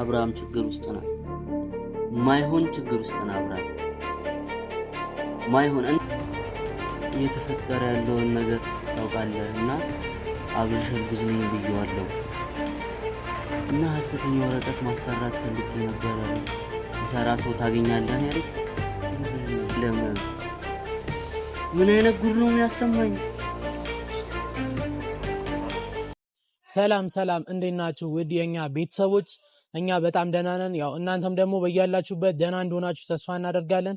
አብርሃም ችግር ውስጥ ነው። ማይሆን ችግር ውስጥ ነው አብርሃም ማይሆን እየተፈጠረ ያለውን ነገር ታውቃለህ እና አብርሽ እርግዝኝ ብየዋለሁ እና ሀሰተኛ ወረቀት ማሰራት ፈልጌ ነበረ ሰራ ሰው ታገኛለህ ያለች ለምን ምን አይነት ጉድ ነው የሚያሰማኝ? ሰላም ሰላም፣ እንዴት ናችሁ ውድ የኛ ቤተሰቦች? እኛ በጣም ደህና ነን። ያው እናንተም ደግሞ በያላችሁበት ደህና እንደሆናችሁ ተስፋ እናደርጋለን።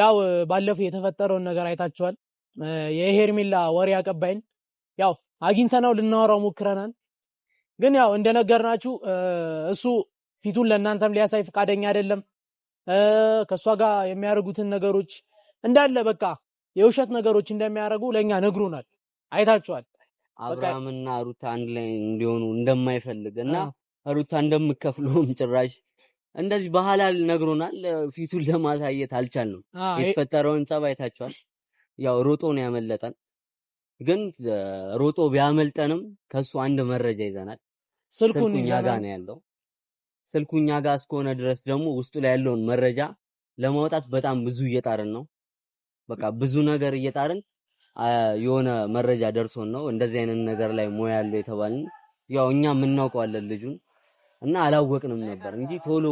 ያው ባለፈው የተፈጠረውን ነገር አይታችኋል። የሄርሜላ ወሬ አቀባይን ያው አግኝተነው ልናወራው ሞክረናል። ግን ያው እንደነገርናችሁ እሱ ፊቱን ለእናንተም ሊያሳይ ፈቃደኛ አይደለም። ከእሷ ጋር የሚያደርጉትን ነገሮች እንዳለ በቃ የውሸት ነገሮች እንደሚያደርጉ ለእኛ ነግሩናል። አይታችኋል። አብርሃምና ሩት አንድ ላይ እንዲሆኑ እንደማይፈልግ እና ሩታ እንደምከፍሉም ጭራሽ እንደዚህ ባህላል ነግሮናል። ፊቱን ለማሳየት አልቻልንም። የተፈጠረውን ጸብ አይታችኋል። ያው ሮጦ ነው ያመለጠን። ግን ሮጦ ቢያመልጠንም ከሱ አንድ መረጃ ይዘናል። ስልኩን እኛ ጋ ነው ያለው። ስልኩ እኛ ጋ እስከሆነ ድረስ ደግሞ ውስጡ ላይ ያለውን መረጃ ለማውጣት በጣም ብዙ እየጣርን ነው። በቃ ብዙ ነገር እየጣርን የሆነ መረጃ ደርሶን ነው እንደዚህ አይነት ነገር ላይ ሞያ ያለው የተባልን። ያው እኛ የምናውቀዋለን ልጁን እና አላወቅንም ነበር እንጂ ቶሎ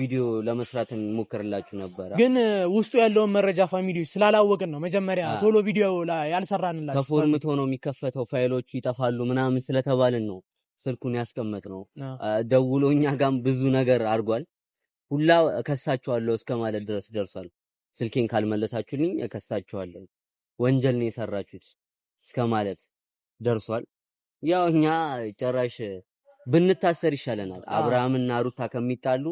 ቪዲዮ ለመስራት እንሞክርላችሁ ነበረ። ግን ውስጡ ያለውን መረጃ ፋሚሊ ስላላወቅን ነው መጀመሪያ ቶሎ ቪዲዮ ያልሰራንላችሁ። ተፎርምቶ ነው የሚከፈተው ፋይሎቹ ይጠፋሉ ምናምን ስለተባልን ነው ስልኩን ያስቀመጥ ነው። ደውሎ እኛ ጋም ብዙ ነገር አድርጓል። ሁላ እከሳችኋለሁ እስከ ማለት ድረስ ደርሷል። ስልኬን ካልመለሳችሁልኝ እከሳችኋለሁ፣ ወንጀል ነው የሰራችሁት እስከ ማለት ደርሷል። ያው እኛ ጨራሽ ብንታሰር ይሻለናል። አብርሃምና ሩታ ከሚጣሉ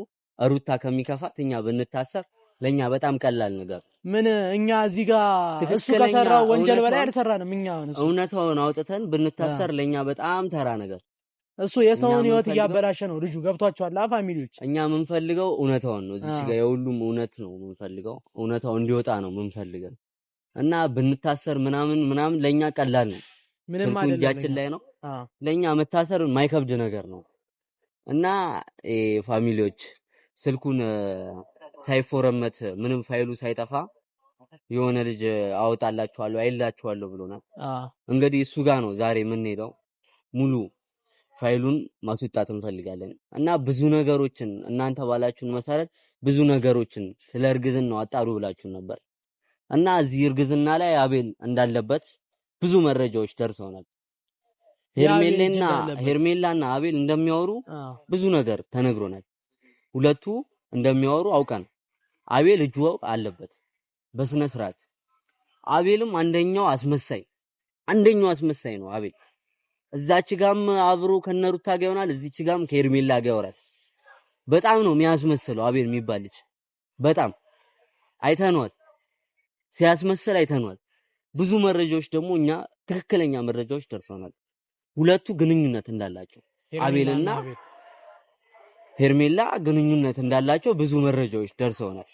ሩታ ከሚከፋት እኛ ብንታሰር ለኛ በጣም ቀላል ነገር ምን እኛ እዚህ ጋር እሱ ከሰራው ወንጀል በላይ አልሰራንም። እኛ እውነታውን አውጥተን ብንታሰር ለኛ በጣም ተራ ነገር። እሱ የሰውን ህይወት እያበላሸ ነው ልጁ። ገብቷቸዋል ፋሚሊዎች። እኛ የምንፈልገው እውነታውን ነው። እዚች ጋር የሁሉም እውነት ነው የምንፈልገው። እውነታው እንዲወጣ ነው የምንፈልገው እና ብንታሰር ምናምን ምናምን ለኛ ቀላል ነው። ምንም እጃችን ላይ ነው። ለእኛ መታሰር የማይከብድ ነገር ነው እና ፋሚሊዎች ስልኩን ሳይፎረመት ምንም ፋይሉ ሳይጠፋ የሆነ ልጅ አወጣላችኋለሁ አይላችኋለሁ ብሎናል። እንግዲህ እሱ ጋር ነው ዛሬ የምንሄደው። ሙሉ ፋይሉን ማስወጣት እንፈልጋለን እና ብዙ ነገሮችን እናንተ ባላችሁን መሰረት ብዙ ነገሮችን ስለ ነው አጣሩ ብላችሁ ነበር እና እዚህ እርግዝና ላይ አቤል እንዳለበት ብዙ መረጃዎች ደርሰውናል። ሄርሜላና ሄርሜላና አቤል እንደሚያወሩ ብዙ ነገር ተነግሮናል። ሁለቱ እንደሚያወሩ አውቀን አቤል እጁ አለበት በስነ ስርዓት። አቤልም አንደኛው አስመሳይ አንደኛው አስመሳይ ነው። አቤል እዛች ጋም አብሮ ከነሩታ ጋር ይሆናል፣ እዚች ጋም ከሄርሜላ ጋር ያወራል። በጣም ነው የሚያስመስለው አቤል የሚባል ልጅ በጣም አይተኗል። ሲያስመስል አይተኗል። ብዙ መረጃዎች ደግሞ እኛ ትክክለኛ መረጃዎች ደርሶናል። ሁለቱ ግንኙነት እንዳላቸው አቤልና ሄርሜላ ግንኙነት እንዳላቸው ብዙ መረጃዎች ደርሰውናል።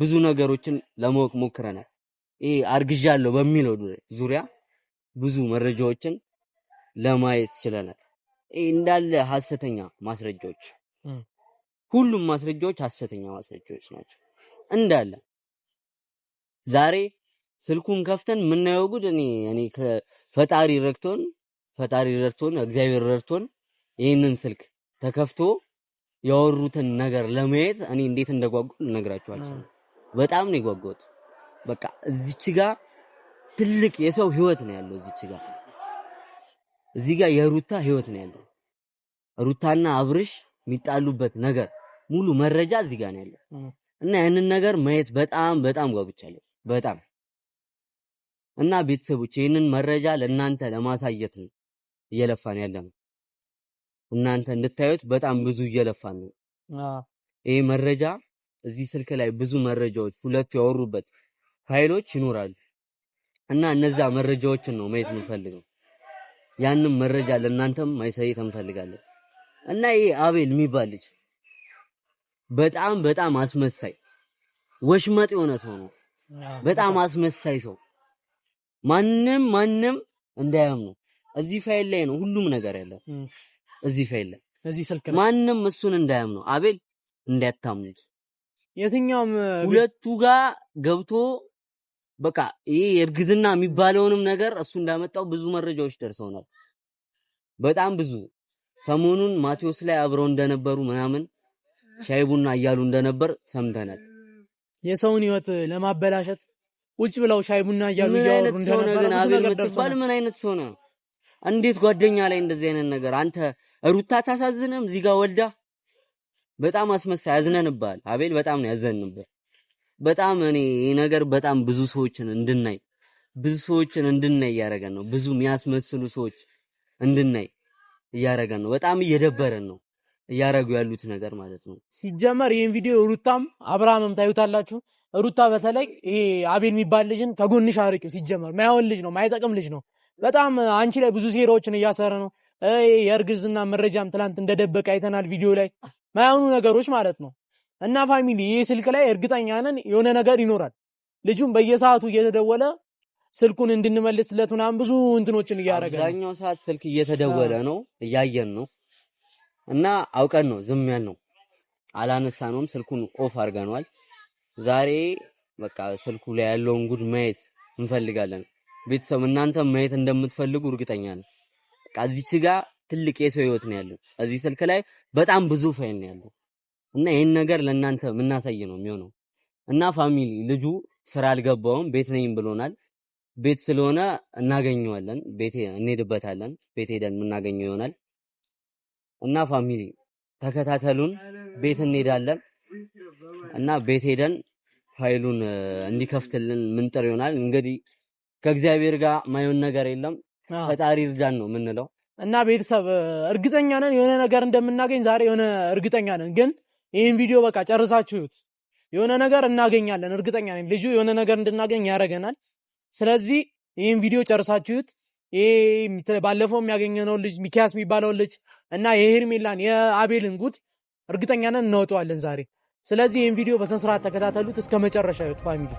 ብዙ ነገሮችን ለማወቅ ሞክረናል። ይሄ አርግዣለሁ በሚለው ዙሪያ ብዙ መረጃዎችን ለማየት ችለናል። ይሄ እንዳለ ሀሰተኛ ማስረጃዎች፣ ሁሉም ማስረጃዎች ሀሰተኛ ማስረጃዎች ናቸው እንዳለ ዛሬ ስልኩን ከፍተን የምናየው ጉድ እኔ እኔ ፈጣሪ ረድቶን ፈጣሪ ረድቶን እግዚአብሔር ረድቶን ይህንን ስልክ ተከፍቶ ያወሩትን ነገር ለማየት እኔ እንዴት እንደጓጉ ልነግራችሁ አልችልም። በጣም ነው የጓጓሁት። በቃ እዚች ጋ ትልቅ የሰው ህይወት ነው ያለው። እዚች ጋ እዚህ ጋ የሩታ ህይወት ነው ያለው። ሩታና አብርሽ የሚጣሉበት ነገር ሙሉ መረጃ እዚህ ጋ ነው ያለው እና ያንን ነገር ማየት በጣም በጣም ጓጉቻለሁ በጣም እና ቤተሰቦች ይህንን መረጃ ለእናንተ ለማሳየት ነው እየለፋን ያለ ነው። እናንተ እንድታዩት በጣም ብዙ እየለፋን ነው። ይህ መረጃ እዚህ ስልክ ላይ ብዙ መረጃዎች ሁለቱ ያወሩበት ፋይሎች ይኖራሉ እና እነዛ መረጃዎችን ነው ማየት የምንፈልገው። ያንም መረጃ ለእናንተም ማሳየት እንፈልጋለን እና ይሄ አቤል የሚባል ልጅ በጣም በጣም አስመሳይ ወሽመጥ የሆነ ሰው ነው። በጣም አስመሳይ ሰው ማንም ማንም እንዳያምኑ እዚህ ፋይል ላይ ነው ሁሉም ነገር ያለው። እዚህ ፋይል ላይ እዚህ ስልክ ላይ ማንም እሱን እንዳያምኑ አቤል እንዳያታምኑት። የትኛውም ሁለቱ ጋር ገብቶ በቃ ይሄ የእርግዝና የሚባለውንም ነገር እሱ እንዳመጣው ብዙ መረጃዎች ደርሰውናል። በጣም ብዙ ሰሞኑን ማቴዎስ ላይ አብረው እንደነበሩ ምናምን ሻይ ቡና እያሉ እንደነበር ሰምተናል። የሰውን ህይወት ለማበላሸት ውጭ ብለው ሻይ ቡና እያሉ እያወሩ እንደነበረ አቤል የምትባል ምን አይነት ሰው ነው? እንዴት ጓደኛ ላይ እንደዚህ አይነት ነገር አንተ ሩታ ታሳዝንም። እዚህ ጋር ወልዳ በጣም አስመሳይ ያዝነንብሃል። አቤል በጣም ነው ያዘንንብህ። በጣም እኔ ነገር በጣም ብዙ ሰዎችን እንድናይ ብዙ ሰዎችን እንድናይ እያደረገን ነው። ብዙ የሚያስመስሉ ሰዎች እንድናይ እያደረገን ነው። በጣም እየደበረን ነው እያደረጉ ያሉት ነገር ማለት ነው። ሲጀመር ይህን ቪዲዮ ሩታም አብርሃምም ታዩታላችሁ። ሩታ በተለይ አቤል የሚባል ልጅን ከጎንሽ አርቂው። ሲጀመር ማይሆን ልጅ ነው፣ ማይጠቅም ልጅ ነው። በጣም አንቺ ላይ ብዙ ሴራዎችን እያሰረ ነው። የእርግዝና መረጃም ትላንት እንደደበቀ አይተናል ቪዲዮ ላይ ማይሆኑ ነገሮች ማለት ነው። እና ፋሚሊ ይህ ስልክ ላይ እርግጠኛ ነን የሆነ ነገር ይኖራል። ልጁም በየሰዓቱ እየተደወለ ስልኩን እንድንመልስለት ምናምን ብዙ እንትኖችን እያደረገ አብዛኛው ሰዓት ስልክ እየተደወለ ነው፣ እያየን ነው። እና አውቀን ነው ዝም ያልነው፣ ነውም ስልኩን ኦፍ አድርገነዋል። ዛሬ በቃ ስልኩ ላይ ያለውን ጉድ ማየት እንፈልጋለን። ቤተሰብ እናንተ ማየት እንደምትፈልጉ እርግጠኛ ነን። በቃ እዚች ጋ ትልቅ የሰው ህይወት ነው ያለው። እዚህ ስልክ ላይ በጣም ብዙ ፋይል ነው ያለው እና ይህን ነገር ለእናንተ የምናሳይ ነው የሚሆነው እና ፋሚሊ ልጁ ስራ አልገባውም፣ ቤት ነኝ ብሎናል። ቤት ስለሆነ እናገኘዋለን። ቤት እንሄድበታለን። ቤት ሄደን የምናገኘው ይሆናል እና ፋሚሊ ተከታተሉን። ቤት እንሄዳለን። እና ቤት ሄደን ፋይሉን እንዲከፍትልን ምንጥር ይሆናል። እንግዲህ ከእግዚአብሔር ጋር ማይሆን ነገር የለም። ፈጣሪ እርዳን ነው የምንለው። እና ቤተሰብ እርግጠኛ ነን የሆነ ነገር እንደምናገኝ ዛሬ የሆነ እርግጠኛ ነን። ግን ይህን ቪዲዮ በቃ ጨርሳችሁት የሆነ ነገር እናገኛለን፣ እርግጠኛ ነን። ልጁ የሆነ ነገር እንድናገኝ ያደርገናል። ስለዚህ ይህን ቪዲዮ ጨርሳችሁት ባለፈው የሚያገኘነውን ልጅ ሚኪያስ የሚባለውን ልጅ እና የሄርሜላን የአቤልን ጉድ እርግጠኛ ነን እናወጠዋለን ዛሬ። ስለዚህ ይህን ቪዲዮ በስነስርዓት ስርዓት ተከታተሉት እስከ መጨረሻ ይሁት ፋሚሊ።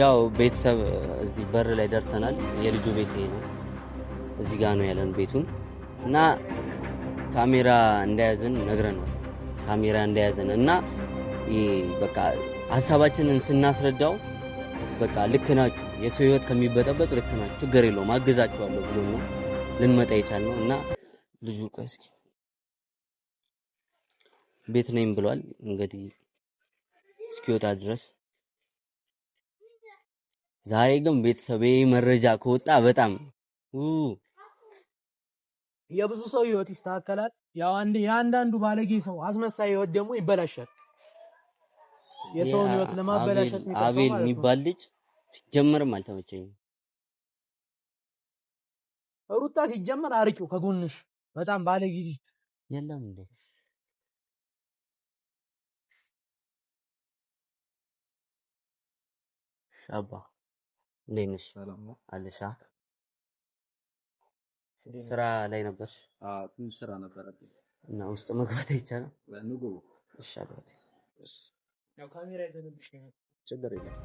ያው ቤተሰብ እዚህ በር ላይ ደርሰናል። የልጁ ቤት ይሄ ነው። እዚህ ጋር ነው ያለን ቤቱን እና ካሜራ እንደያዘን ነግረነው ካሜራ እንደያዘን እና በቃ ሀሳባችንን ስናስረዳው በቃ ልክ ናችሁ፣ የሰው ህይወት ከሚበጠበጥ ልክ ናችሁ፣ ችግር የለውም አግዛችኋለሁ ብሎ ነው ልንመጣ ነው። እና ልጁ ቆይ እስኪ ቤት ነኝ ብሏል። እንግዲህ እስኪወጣ ድረስ ዛሬ ግን ቤተሰብ መረጃ ከወጣ በጣም የብዙ ሰው ህይወት ይስተካከላል። ያው አንድ የአንዳንዱ ባለጌ ሰው አስመሳይ ህይወት ደግሞ ይበላሻል። የሰውን ህይወት ለማበላሸት አቤል የሚባል ልጅ ሲጀመርም አልተመቸኝም። ሩታ ሲጀመር አርቂው ከጎንሽ በጣም ባለጊዜ የለም እንዴ አባ እንዴት ነሽ? አለሽ? ስራ ላይ ነበር? አዎ ትንሽ ስራ ነበረብኝ እና ውስጥ መግባት አይቻልም። ያው ካሜራ ይዘንብሽ ችግር የለም።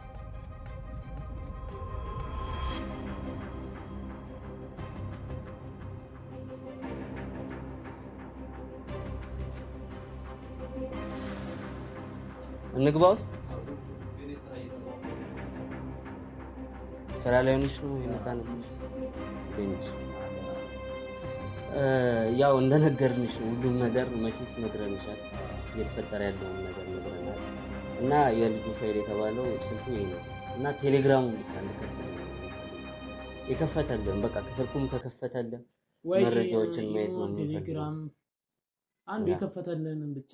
እንግባ ውስጥ ስራ ላይ ነው የመጣንብሽ? ያው እንደነገርንሽ ሁሉም ነገር መቼስ ነግረንሻል፣ እየተፈጠረ ያለውን ነገር እና የልጁ ፋይል የተባለው ስልኩ ነው እና ቴሌግራሙ ብቻ እንከተል የከፈተልን በቃ ከስልኩም ከከፈተልን መረጃዎችን ማየት ነው። ቴሌግራም አንዱ የከፈተልንን ብቻ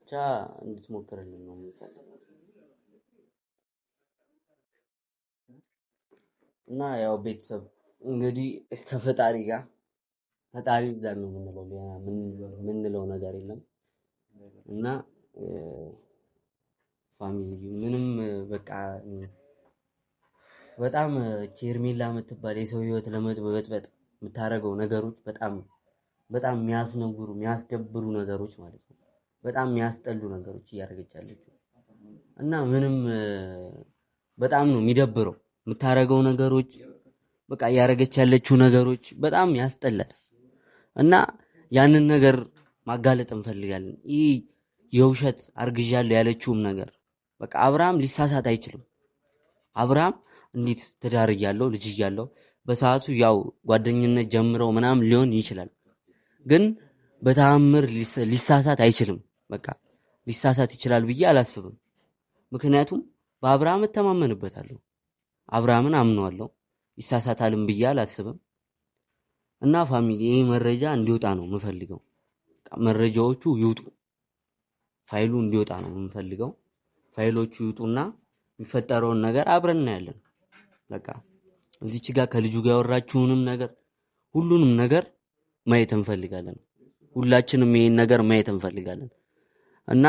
ብቻ እንድትሞክርልን ነው እና ያው ቤተሰብ እንግዲህ ከፈጣሪ ጋር ፈጣሪ ጋር ነው የምንለው፣ ሌላ የምንለው ነገር የለም። እና ፋሚሊ ምንም በቃ በጣም ኬርሜላ የምትባል የሰው ህይወት ለመበጥበጥ የምታደርገው ነገሮች በጣም በጣም የሚያስነጉሩ የሚያስደብሩ ነገሮች ማለት ነው። በጣም የሚያስጠሉ ነገሮች እያደረገች ያለችው እና ምንም በጣም ነው የሚደብረው የምታደርገው ነገሮች በቃ እያደረገች ያለችው ነገሮች በጣም ያስጠላል። እና ያንን ነገር ማጋለጥ እንፈልጋለን። ይህ የውሸት አርግዣለሁ ያለችውም ነገር በቃ አብርሃም ሊሳሳት አይችልም። አብርሃም እንዴት ትዳር እያለው ልጅ እያለው በሰዓቱ ያው ጓደኝነት ጀምረው ምናምን ሊሆን ይችላል፣ ግን በተአምር ሊሳሳት አይችልም። በቃ ሊሳሳት ይችላል ብዬ አላስብም። ምክንያቱም በአብርሃም እተማመንበታለሁ፣ አብርሃምን አምነዋለሁ። ይሳሳታልም ብዬ አላስብም። እና ፋሚሊ ይሄ መረጃ እንዲወጣ ነው የምፈልገው። መረጃዎቹ ይውጡ፣ ፋይሉ እንዲወጣ ነው የምፈልገው። ፋይሎቹ ይውጡና የሚፈጠረውን ነገር አብረን እናያለን። በቃ እዚች ጋር ከልጁ ጋር ያወራችሁንም ነገር ሁሉንም ነገር ማየት እንፈልጋለን። ሁላችንም ይሄን ነገር ማየት እንፈልጋለን እና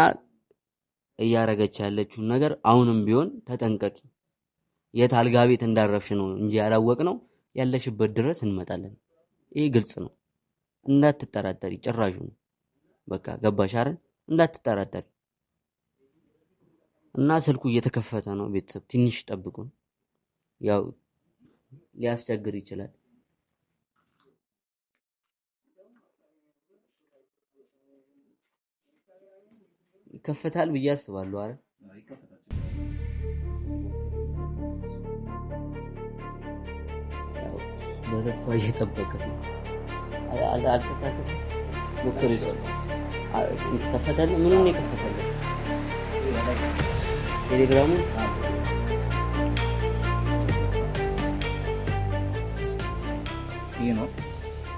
እያረገች ያለችውን ነገር አሁንም ቢሆን ተጠንቀቂ። የት አልጋ ቤት እንዳረፍሽ ነው እንጂ ያላወቅ ነው ያለሽበት ድረስ እንመጣለን። ይህ ግልጽ ነው። እንዳትጠራጠሪ ነው። በቃ ገባሽ አይደል? እንዳትጠራጠሪ እና ስልኩ እየተከፈተ ነው። ቤተሰብ ትንሽ ጠብቁን። ያው ሊያስቸግር ይችላል። ይከፈታል ብዬ አስባለሁ አይደል? नज़र सोइए तो तब तक करिए मुस्तरी सर कफतर मैंने नहीं कफतर टेलीग्राम ಏನು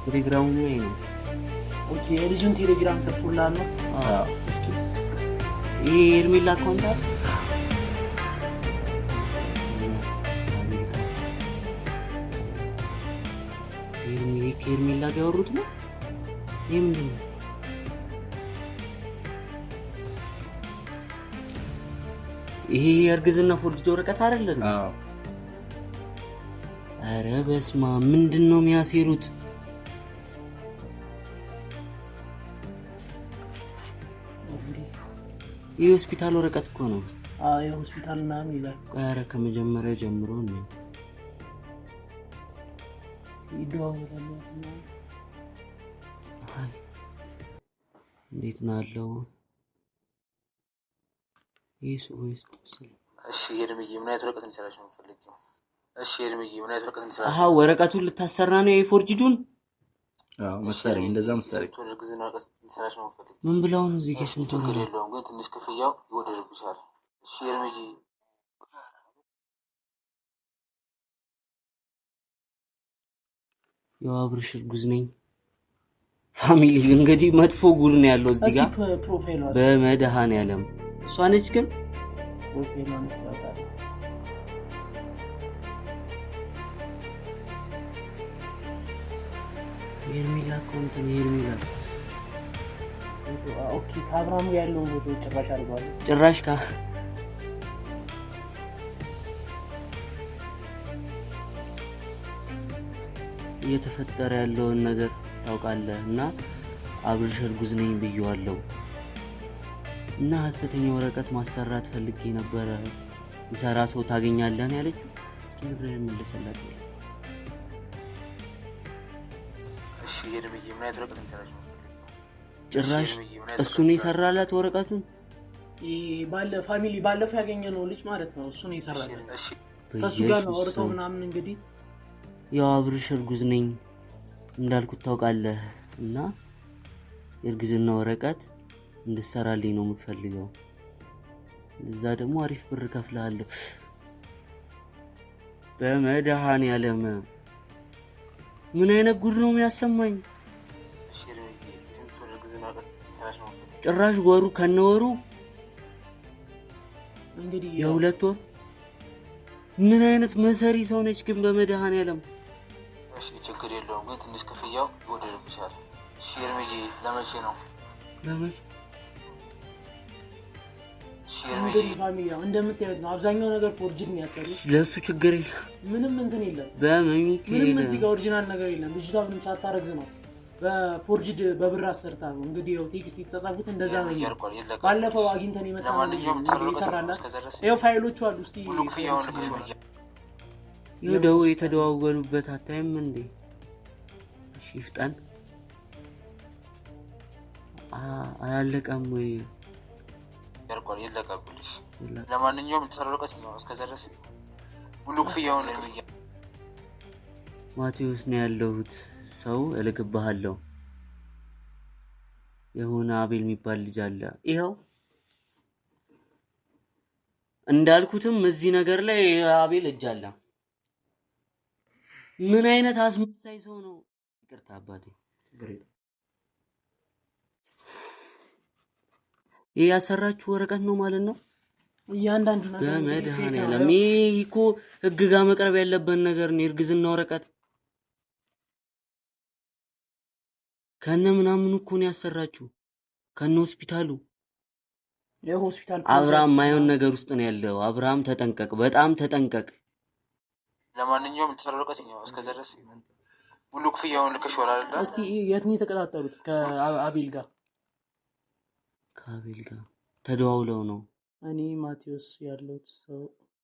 टेलीग्राम में ಏನು ಓಕೆ ಎರಿಜನ್ टेलीग्राम ತಪ್ಪುಲ್ಲ ಅನ್ನೋ ಹಾಂ ಈ ಏರ್ಮಿಲ್ಲ ಹಾಕೊಂಡ ያወሩት ነው። ይህ ምንድን ነው? ይሄ የእርግዝና ፎርጅ ወረቀት አይደለም? አዎ። አረ በስማ ምንድን ነው የሚያሴሩት? ሆስፒታል ወረቀት እኮ ነው። አዎ የሆስፒታል ምናምን ይላል። ቆይ ኧረ ከመጀመሪያ ጀምሮ ነው ይደዋወላል እንዴት ነው ያለው? አለው። እሺ ኤርምዬ፣ ምን አይነት ወረቀት እንዲሰራሽ ነው የምትፈልጊው? እሺ ኤርምዬ፣ ምን አይነት ወረቀት እንዲሰራሽ? አሃ ወረቀቱን ልታሰራ ነው የፎርጅዱን? አዎ መሰለኝ፣ እንደዛ መሰለኝ። እርግዝና ወረቀት እንዲሰራሽ ነው የምትፈልጊው? ምን ብለው ነው እዚህ ከስም ስንት ችግር የለውም ግን ትንሽ ክፍያው ይወደድብሻል። እሺ ኤርምዬ የዋብርሽ እርጉዝ ነኝ ፋሚሊ እንግዲህ መጥፎ ጉድ ነው ያለው እዚህ ጋር በመድኃኔዓለም እሷ ነች ግን ሄርሜላ እኮ እንትን ሄርሜላ ከአብርሃም ጋር ያለውን ፎቶ ጭራሽ አድርገዋል። ጭራሽ ካ እየተፈጠረ ያለውን ነገር ታውቃለህ እና አብርሽ እርጉዝ ነኝ ብየዋለሁ እና ሀሰተኛ ወረቀት ማሰራት ፈልጌ ነበረ ይሰራ ሰው ታገኛለን ያለችው እስኪ መለሰላት። ጭራሽ እሱን የሰራላት ወረቀቱን ፋሚሊ ባለፈው ያገኘ ነው ልጅ ማለት ነው። እሱን የሰራላት ከእሱ ጋር ነው አውርተው ምናምን እንግዲህ ያው አብርሽ እርጉዝ ነኝ እንዳልኩት ታውቃለህ እና የእርግዝና ወረቀት እንድሰራልኝ ነው የምፈልገው። እዛ ደግሞ አሪፍ ብር ከፍልሃለሁ። በመድሃን ያለመ ምን አይነት ጉድ ነው የሚያሰማኝ? ጭራሽ ወሩ ከነወሩ የሁለት ወር ምን አይነት መሰሪ ሰው ነች ግን በመድሃን ያለም እሺ ችግር የለውም ግን ትንሽ ክፍያው ይወደድብሻል። እሺ እርምዬ ለመቼ ነው? እንደምታዩት ነው አብዛኛው ነገር ፎርጅድ ነው ለእሱ ችግር የለም ምንም እንትን የለም ምንም እዚህ ጋር ኦሪጂናል ነገር የለም። ልጅቷ ምንም ሳታረግዝ ነው በፎርጅድ በብር አሰርታ ነው እንግዲህ ያው ቴክስት የተጻጻፉት እንደዛ ነው። ባለፈው አግኝተን የመጣ ይሰራላት የሰራላት። ያው ፋይሎቹ አሉ። እስኪ ይደው የተደዋወሉበት አታይም እንዴ? እሺ ይፍጠን። አላለቀም ወይ? ያልቋል። ይለቀብልሽ። ለማንኛውም ተሰረቀች ነው። እስከዛ ድረስ ሙሉ ነው። ማቴዎስ ነው ያለሁት። ሰው እልክብሃለሁ። የሆነ አቤል የሚባል ልጅ አለ። ይኸው እንዳልኩትም እዚህ ነገር ላይ አቤል እጅ አለ። ምን አይነት አስመሳይ ሰው ነው? ይቅርታ አባቴ። ይህ ያሰራችሁ ወረቀት ነው ማለት ነው። እያንዳንዱ ነገር በመድኃኒዓለም ይህ እኮ ህግ ጋር መቅረብ ያለበት ነገር ነው። የእርግዝና ወረቀት ከነ ምናምኑ እኮ ነው ያሰራችሁ፣ ከነ ሆስፒታሉ። የሆስፒታል አብርሃም ማየውን ነገር ውስጥ ነው ያለው። አብርሃም ተጠንቀቅ፣ በጣም ተጠንቀቅ። ለማንኛውም የተሰራ ርቀት ኛው እስከዛ ድረስ ሙሉ ክፍያውን ልከሽዋል አይደል? እስቲ የት የተቀጣጠሉት? ከአቤል ጋር ከአቤል ጋር ተደዋውለው ነው። እኔ ማቴዎስ ያለሁት ሰው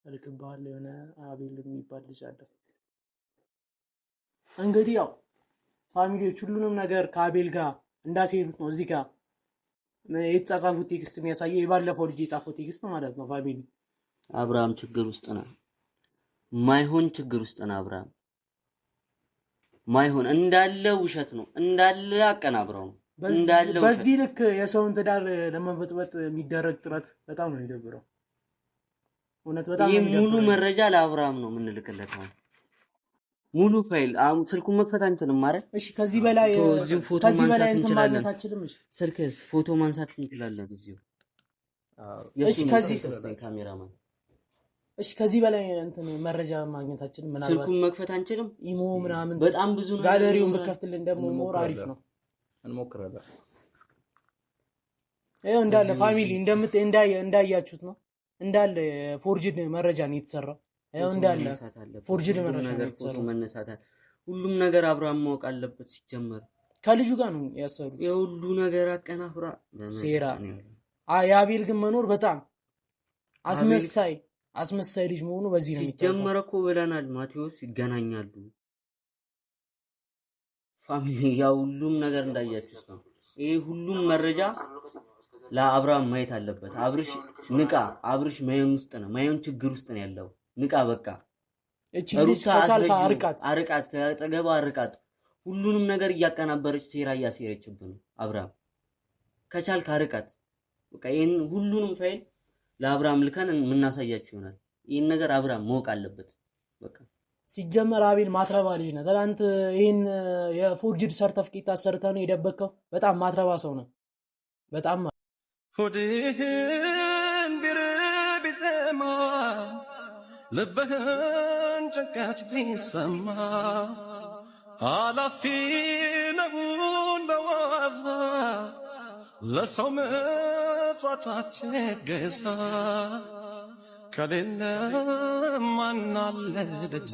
እልክብሃለሁ። የሆነ አቤል የሚባል ልጅ አለ። እንግዲህ ያው ፋሚሊዎች ሁሉንም ነገር ከአቤል ጋር እንዳስሄዱት ነው እዚህ ጋር የተጻጻፉት ቴክስት የሚያሳየው የባለፈው ልጅ የጻፈው ቴክስት ማለት ነው። ፋሚሊ አብርሃም ችግር ውስጥ ነው ማይሆን ችግር ውስጥ ነው አብርሃም። ማይሆን እንዳለ ውሸት ነው እንዳለ አቀናብረው ነው እንዳለ። በዚህ ልክ የሰውን ትዳር ለመበጥበጥ የሚደረግ ጥረት በጣም ነው የሚደብረው። እውነት በጣም ይህ ሙሉ መረጃ ለአብርሃም ነው የምንልክለት ማለት ሙሉ ፋይል አሁን ስልኩን መክፈት አንችልም ማለት እሺ። ከዚህ በላይ እዚሁ ፎቶ ማንሳት እንችላለን። ስልክ ፎቶ ማንሳት እንችላለን እዚሁ። እሺ ከዚህ ካሜራማን እሺ ከዚህ በላይ እንትን መረጃ ማግኘታችን ምናልባት ስልኩን መክፈት አንችልም። ኢሞ ምናምን በጣም ብዙ ነው። ጋለሪውን ብከፍትልን ደግሞ ሞር አሪፍ ነው። እንሞክራለን። ይኸው እንዳለ ፋሚሊ እንደምት እንዳያችሁት ነው እንዳለ ፎርጅድ መረጃ ነው የተሰራው። ይኸው እንዳለ ፎርጅድ መረጃ ነው የተሰራው። መነሳት ሁሉም ነገር አብርሃም ማወቅ አለበት። ሲጀመር ከልጁ ጋር ነው ያሰሩት። የሁሉ ነገር አቀናፍራ ሴራ። የአቤል ግን መኖር በጣም አስመሳይ አስመሳይ ልጅ መሆኑ በዚህ ነው የሚታወቀው። ሲጀመር እኮ ብለናል፣ ማቴዎስ ይገናኛሉ። ፋሚሊ ያ ሁሉም ነገር እንዳያችሁት ነው። ይህ ሁሉም መረጃ ለአብርሃም ማየት አለበት። አብርሽ ንቃ። አብርሽ መየን ውስጥ ነው፣ መየን ችግር ውስጥ ነው ያለው። ንቃ በቃ አርቃት፣ አርቃት፣ አርቃት። ሁሉንም ነገር እያቀናበረች ሴራ እያሴረችብን አብርሃም፣ ከቻልክ አርቃት። በቃ ይሄን ሁሉንም ፋይል ለአብርሃም ልከን የምናሳያችሁ ይሆናል። ይህን ነገር አብርሃም ማወቅ አለበት። በቃ ሲጀመር አቤል ማትረባ ልጅ ነህ። ትናንት ይህን የፎርጅድ ሰርተፍኬት አሰርተ ነው የደበቅከው። በጣም ማትረባ ሰው ነው። በጣም ሆድህን ቢርብ ቢሰማ ልብህን ጭንቀት ቢሰማ ኃላፊ ነው በዋዛ ለሰው ምጽዋታችን ገዛ ከሌለ ማናለ ደጅ